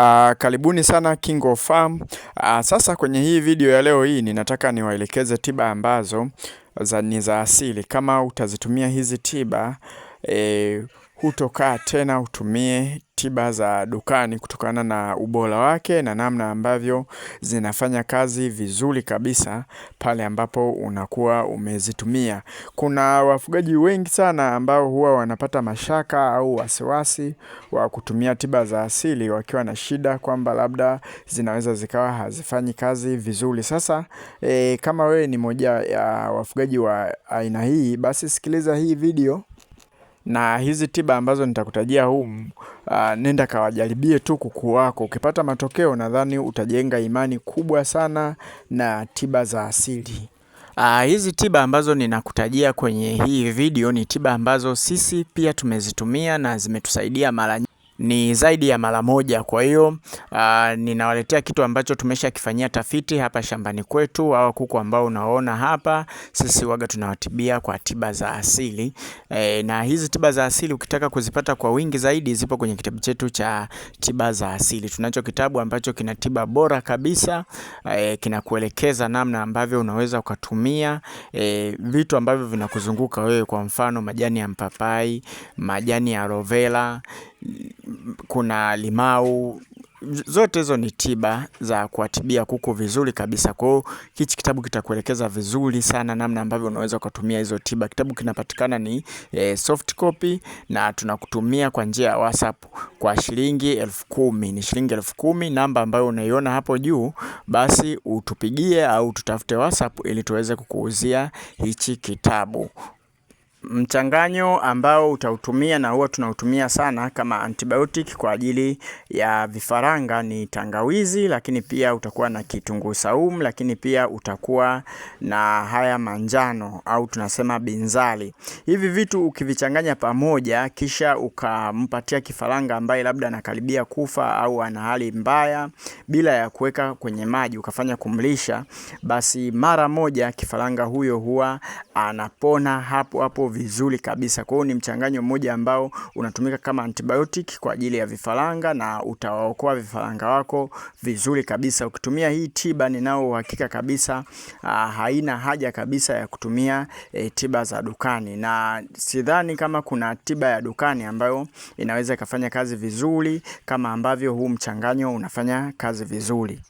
Uh, karibuni sana Kingo of Farm. Uh, sasa kwenye hii video ya leo hii ninataka niwaelekeze tiba ambazo za, ni za asili. Kama utazitumia hizi tiba e, hutokaa tena utumie tiba za dukani kutokana na ubora wake na namna ambavyo zinafanya kazi vizuri kabisa pale ambapo unakuwa umezitumia. Kuna wafugaji wengi sana ambao huwa wanapata mashaka au wasiwasi wa kutumia tiba za asili wakiwa na shida kwamba labda zinaweza zikawa hazifanyi kazi vizuri. Sasa eh, kama wewe ni moja ya wafugaji wa aina hii basi sikiliza hii video na hizi tiba ambazo nitakutajia humu uh, nenda kawajaribie tu kuku wako. Ukipata matokeo, nadhani utajenga imani kubwa sana na tiba za asili. Uh, hizi tiba ambazo ninakutajia kwenye hii video ni tiba ambazo sisi pia tumezitumia na zimetusaidia mara ni zaidi ya mara moja. Kwa hiyo uh, ninawaletea kitu ambacho tumeshakifanyia tafiti hapa shambani kwetu. Hawa kuku ambao unaona hapa, sisi waga tunawatibia kwa tiba za asili e, na hizi tiba za asili ukitaka kuzipata kwa wingi zaidi zipo kwenye kitabu chetu cha tiba za asili. Tunacho kitabu ambacho kina tiba bora kabisa e, kinakuelekeza namna ambavyo unaweza ukatumia e, vitu ambavyo vinakuzunguka wewe, kwa mfano majani ya mpapai, majani ya aloe vera kuna limau zote hizo ni tiba za kuatibia kuku vizuri kabisa. Kwa hiyo hichi kitabu kitakuelekeza vizuri sana namna ambavyo unaweza ukatumia hizo tiba. Kitabu kinapatikana ni e, soft copy na tunakutumia kwa njia ya WhatsApp kwa shilingi elfu kumi. Ni shilingi elfu kumi, namba ambayo unaiona hapo juu, basi utupigie au tutafute WhatsApp ili tuweze kukuuzia hichi kitabu mchanganyo ambao utautumia na huwa tunautumia sana kama antibiotic kwa ajili ya vifaranga ni tangawizi, lakini pia utakuwa na kitunguu saumu, lakini pia utakuwa na haya manjano au tunasema binzali. Hivi vitu ukivichanganya pamoja, kisha ukampatia kifaranga ambaye labda anakaribia kufa au ana hali mbaya, bila ya kuweka kwenye maji, ukafanya kumlisha, basi mara moja kifaranga huyo huwa anapona hapo hapo vizuri kabisa. Kwa hiyo ni mchanganyo mmoja ambao unatumika kama antibiotic kwa ajili ya vifaranga na utawaokoa vifaranga wako vizuri kabisa. Ukitumia hii tiba ninao uhakika kabisa aa, ah, haina haja kabisa ya kutumia e, tiba za dukani, na sidhani kama kuna tiba ya dukani ambayo inaweza ikafanya kazi vizuri kama ambavyo huu mchanganyo unafanya kazi vizuri.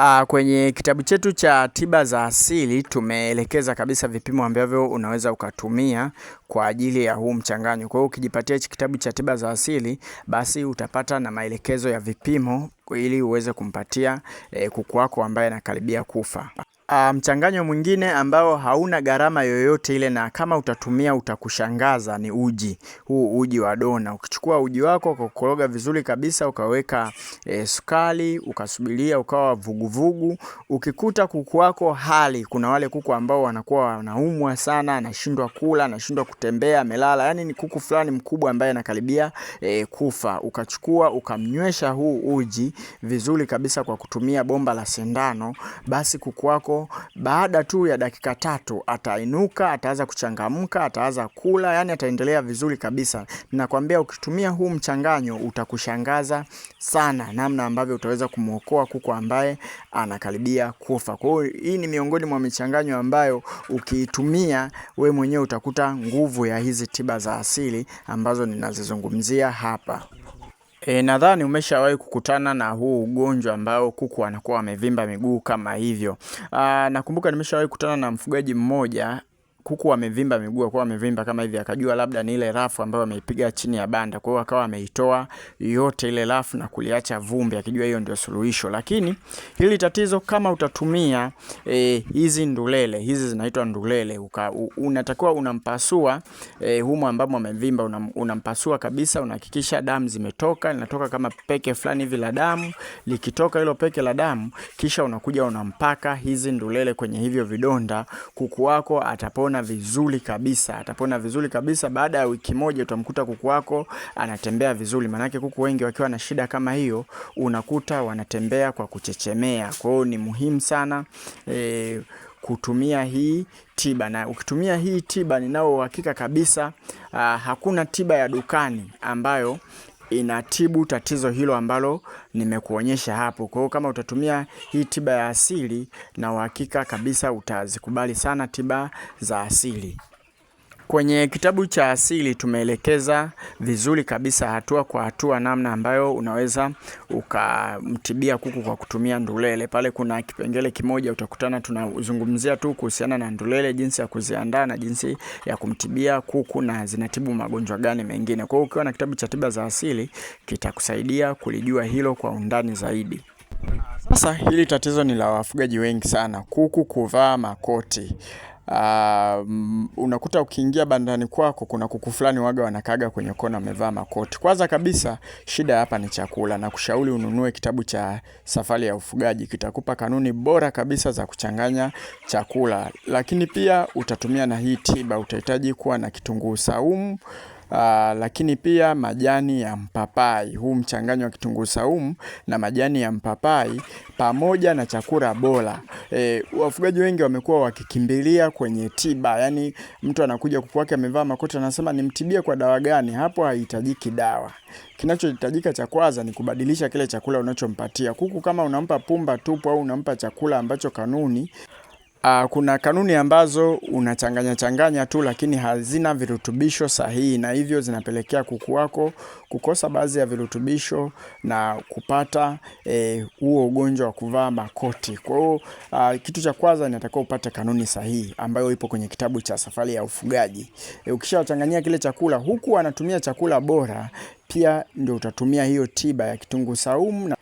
Uh, kwenye kitabu chetu cha tiba za asili tumeelekeza kabisa vipimo ambavyo unaweza ukatumia kwa ajili ya huu mchanganyo. Kwa hiyo ukijipatia hichi kitabu cha tiba za asili, basi utapata na maelekezo ya vipimo ili uweze kumpatia eh, kuku wako ambaye anakaribia kufa. Ah, mchanganyo mwingine ambao hauna gharama yoyote ile na kama utatumia utakushangaza ni uji, huu uji wa dona. Ukichukua uji wako ukakoroga vizuri kabisa, ukaweka eh, sukari, ukasubiria ukawa vuguvugu. Ukikuta kuku wako hali, kuna wale kuku ambao wanakuwa wanaumwa sana, anashindwa kula, anashindwa kutembea, amelala, yaani ni kuku fulani mkubwa ambaye anakaribia eh, kufa. Ukachukua ukamnywesha huu uji vizuri kabisa kwa kutumia bomba la sindano, basi kuku wako baada tu ya dakika tatu atainuka, ataanza kuchangamka, ataanza kula, yani ataendelea vizuri kabisa. Nakwambia ukitumia huu mchanganyo utakushangaza sana namna ambavyo utaweza kumwokoa kuku ambaye anakaribia kufa. Kwa hiyo hii ni miongoni mwa michanganyo ambayo ukiitumia we mwenyewe utakuta nguvu ya hizi tiba za asili ambazo ninazizungumzia hapa. E, nadhani umeshawahi kukutana na huu ugonjwa ambao kuku wanakuwa wamevimba miguu kama hivyo. Aa, ah, nakumbuka nimeshawahi kukutana na mfugaji mmoja kuku wamevimba miguu akawa amevimba kama hivi, akajua labda ni ile rafu ambayo ameipiga chini ya banda. Kwa hiyo akawa ameitoa yote ile rafu na kuliacha vumbi, akijua hiyo ndio suluhisho. Lakini hili tatizo kama utatumia e, hizi ndulele hizi zinaitwa ndulele uka, u, unatakiwa unampasua e, humo ambapo amevimba unam, unampasua kabisa, unahakikisha damu zimetoka, linatoka kama peke fulani hivi la damu. Likitoka hilo peke la damu, kisha unakuja unampaka hizi ndulele kwenye hivyo vidonda, kuku wako atapona atapona vizuri kabisa, atapona vizuri kabisa. Baada ya wiki moja utamkuta kuku wako anatembea vizuri, maanake kuku wengi wakiwa na shida kama hiyo unakuta wanatembea kwa kuchechemea. Kwa hiyo ni muhimu sana e, kutumia hii tiba na ukitumia hii tiba ninao uhakika kabisa, aa, hakuna tiba ya dukani ambayo inatibu tatizo hilo ambalo nimekuonyesha hapo. Kwa hiyo kama utatumia hii tiba ya asili, na uhakika kabisa utazikubali sana tiba za asili. Kwenye kitabu cha asili tumeelekeza vizuri kabisa hatua kwa hatua namna ambayo unaweza ukamtibia kuku kwa kutumia ndulele. Pale kuna kipengele kimoja utakutana tunazungumzia tu kuhusiana na ndulele, jinsi ya kuziandaa na jinsi ya kumtibia kuku na zinatibu magonjwa gani mengine. Kwa hiyo ukiwa na kitabu cha tiba za asili kitakusaidia kulijua hilo kwa undani zaidi. Sasa hili tatizo ni la wafugaji wengi sana, kuku kuvaa makoti. Uh, unakuta ukiingia bandani kwako kuna kuku fulani waga wanakaga kwenye kona wamevaa makoti. Kwanza kabisa shida hapa ni chakula, na kushauri ununue kitabu cha Safari ya Ufugaji, kitakupa kanuni bora kabisa za kuchanganya chakula, lakini pia utatumia na hii tiba. Utahitaji kuwa na kitunguu saumu Aa, ah, lakini pia majani ya mpapai, huu mchanganyo wa kitunguu saumu na majani ya mpapai pamoja na chakula bora. E, wafugaji wengi wamekuwa wakikimbilia kwenye tiba, yani mtu anakuja kuku wake amevaa makoti, anasema nimtibie kwa dawa gani? Hapo haihitajiki dawa. Kinachohitajika cha kwanza ni kubadilisha kile chakula unachompatia kuku. Kama unampa pumba tupu au unampa chakula ambacho kanuni Uh, kuna kanuni ambazo unachanganya changanya tu lakini hazina virutubisho sahihi na hivyo zinapelekea kuku wako kukosa baadhi ya virutubisho na kupata eh, huo eh, ugonjwa wa kuvaa makoti. Kwa hiyo uh, kitu cha kwanza inatakiwa upate kanuni sahihi ambayo ipo kwenye kitabu cha Safari ya Ufugaji. E, ukishawachanganyia kile chakula huku anatumia chakula bora, pia ndio utatumia hiyo tiba ya kitunguu saumu na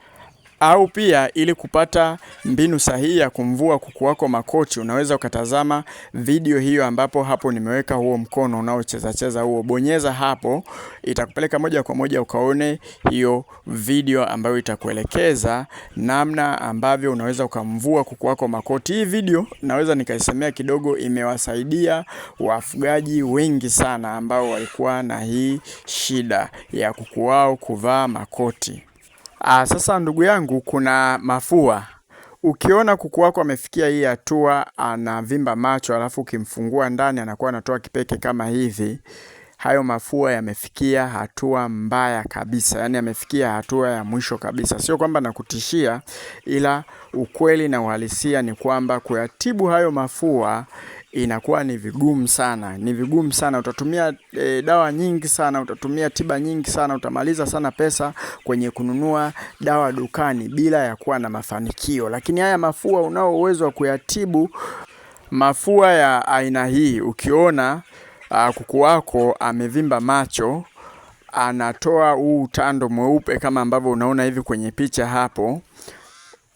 au pia ili kupata mbinu sahihi ya kumvua kuku wako makochi, unaweza ukatazama video hiyo, ambapo hapo nimeweka huo mkono unaocheza cheza huo, bonyeza hapo, itakupeleka moja kwa moja ukaone hiyo video ambayo itakuelekeza namna ambavyo unaweza ukamvua kuku wako makoti. Hii video naweza nikaisemea kidogo, imewasaidia wafugaji wengi sana ambao walikuwa na hii shida ya kuku wao kuvaa makoti. Aa, ah, sasa ndugu yangu kuna mafua. Ukiona kuku wako amefikia hii hatua anavimba macho alafu ukimfungua ndani anakuwa anatoa kipeke kama hivi, hayo mafua yamefikia hatua mbaya kabisa, yaani yamefikia hatua ya mwisho kabisa. Sio kwamba nakutishia, ila ukweli na uhalisia ni kwamba kuyatibu hayo mafua inakuwa ni vigumu sana, ni vigumu sana. Utatumia e, dawa nyingi sana, utatumia tiba nyingi sana, utamaliza sana pesa kwenye kununua dawa dukani bila ya kuwa na mafanikio. Lakini haya mafua unao uwezo wa kuyatibu mafua ya aina hii. Ukiona a, ah, kuku wako amevimba macho, anatoa huu utando mweupe kama ambavyo unaona hivi kwenye picha hapo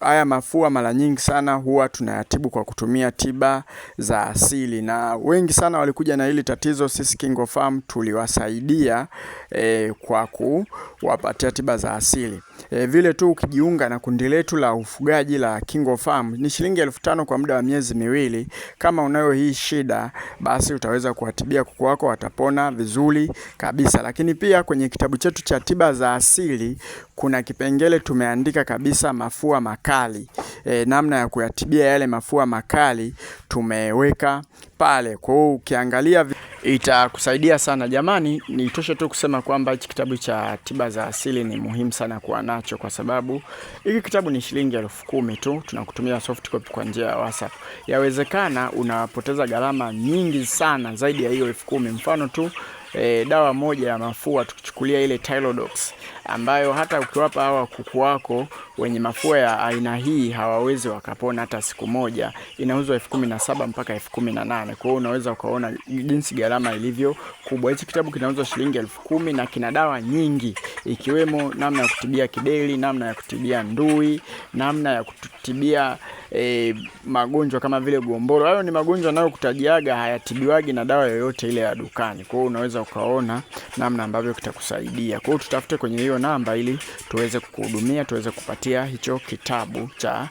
haya mafua mara nyingi sana huwa tunayatibu kwa kutumia tiba za asili, na wengi sana walikuja na hili tatizo. Sisi KingoFarm tuliwasaidia eh, kwa kuwapatia tiba za asili. E, vile tu ukijiunga na kundi letu la ufugaji la Kingo Farm ni shilingi elfu tano kwa muda wa miezi miwili. Kama unayo hii shida, basi utaweza kuwatibia kuku wako, watapona vizuri kabisa. Lakini pia kwenye kitabu chetu cha tiba za asili kuna kipengele tumeandika kabisa mafua makali, e, namna ya kuyatibia yale mafua makali tumeweka pale. Kwa hiyo ukiangalia itakusaidia sana. Jamani, nitoshe tu kusema kwamba hichi kitabu cha tiba za asili ni muhimu sana kuwa nacho, kwa sababu hiki kitabu ni shilingi elfu kumi tu, tunakutumia soft copy kwa njia ya WhatsApp. Yawezekana unapoteza gharama nyingi sana zaidi ya hiyo elfu kumi mfano tu e, dawa moja ya mafua tukichukulia ile Tylodox ambayo hata ukiwapa hawa kuku wako wenye mafua ya aina hii hawawezi wakapona hata siku moja. Inauzwa elfu kumi na saba mpaka elfu kumi na nane Kwa hiyo unaweza ukaona jinsi gharama ilivyo kubwa. Hichi kitabu kinauzwa shilingi elfu kumi na kina dawa nyingi, ikiwemo namna ya kutibia kideli namna ya kutibia ndui, namna ya kutibia e, magonjwa kama vile gomboro. Hayo ni magonjwa anayokutajiaga hayatibiwagi na dawa yoyote ile ya dukani. Kwa hiyo unaweza ukaona namna ambavyo kitakusaidia. Kwa hiyo tutafute kwenye hiyo namba ili tuweze kukuhudumia, tuweze kupatia hicho kitabu cha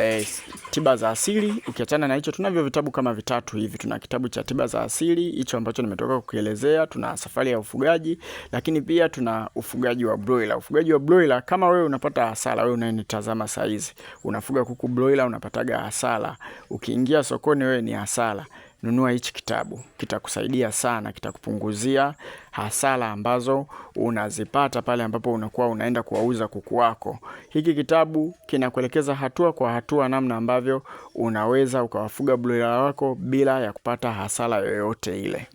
e, tiba za asili. Ukiachana na hicho, tunavyo vitabu kama vitatu hivi. Tuna kitabu cha tiba za asili hicho ambacho nimetoka kukielezea, tuna safari ya ufugaji, lakini pia tuna ufugaji wa broiler. Ufugaji wa broiler, kama wewe unapata hasara, wewe unayenitazama saizi unafuga kuku broiler, unapataga hasara, ukiingia sokoni wewe ni hasara nunua hichi kitabu, kitakusaidia sana, kitakupunguzia hasara ambazo unazipata pale ambapo unakuwa unaenda kuwauza kuku wako. Hiki kitabu kinakuelekeza hatua kwa hatua namna ambavyo unaweza ukawafuga broiler wako bila ya kupata hasara yoyote ile.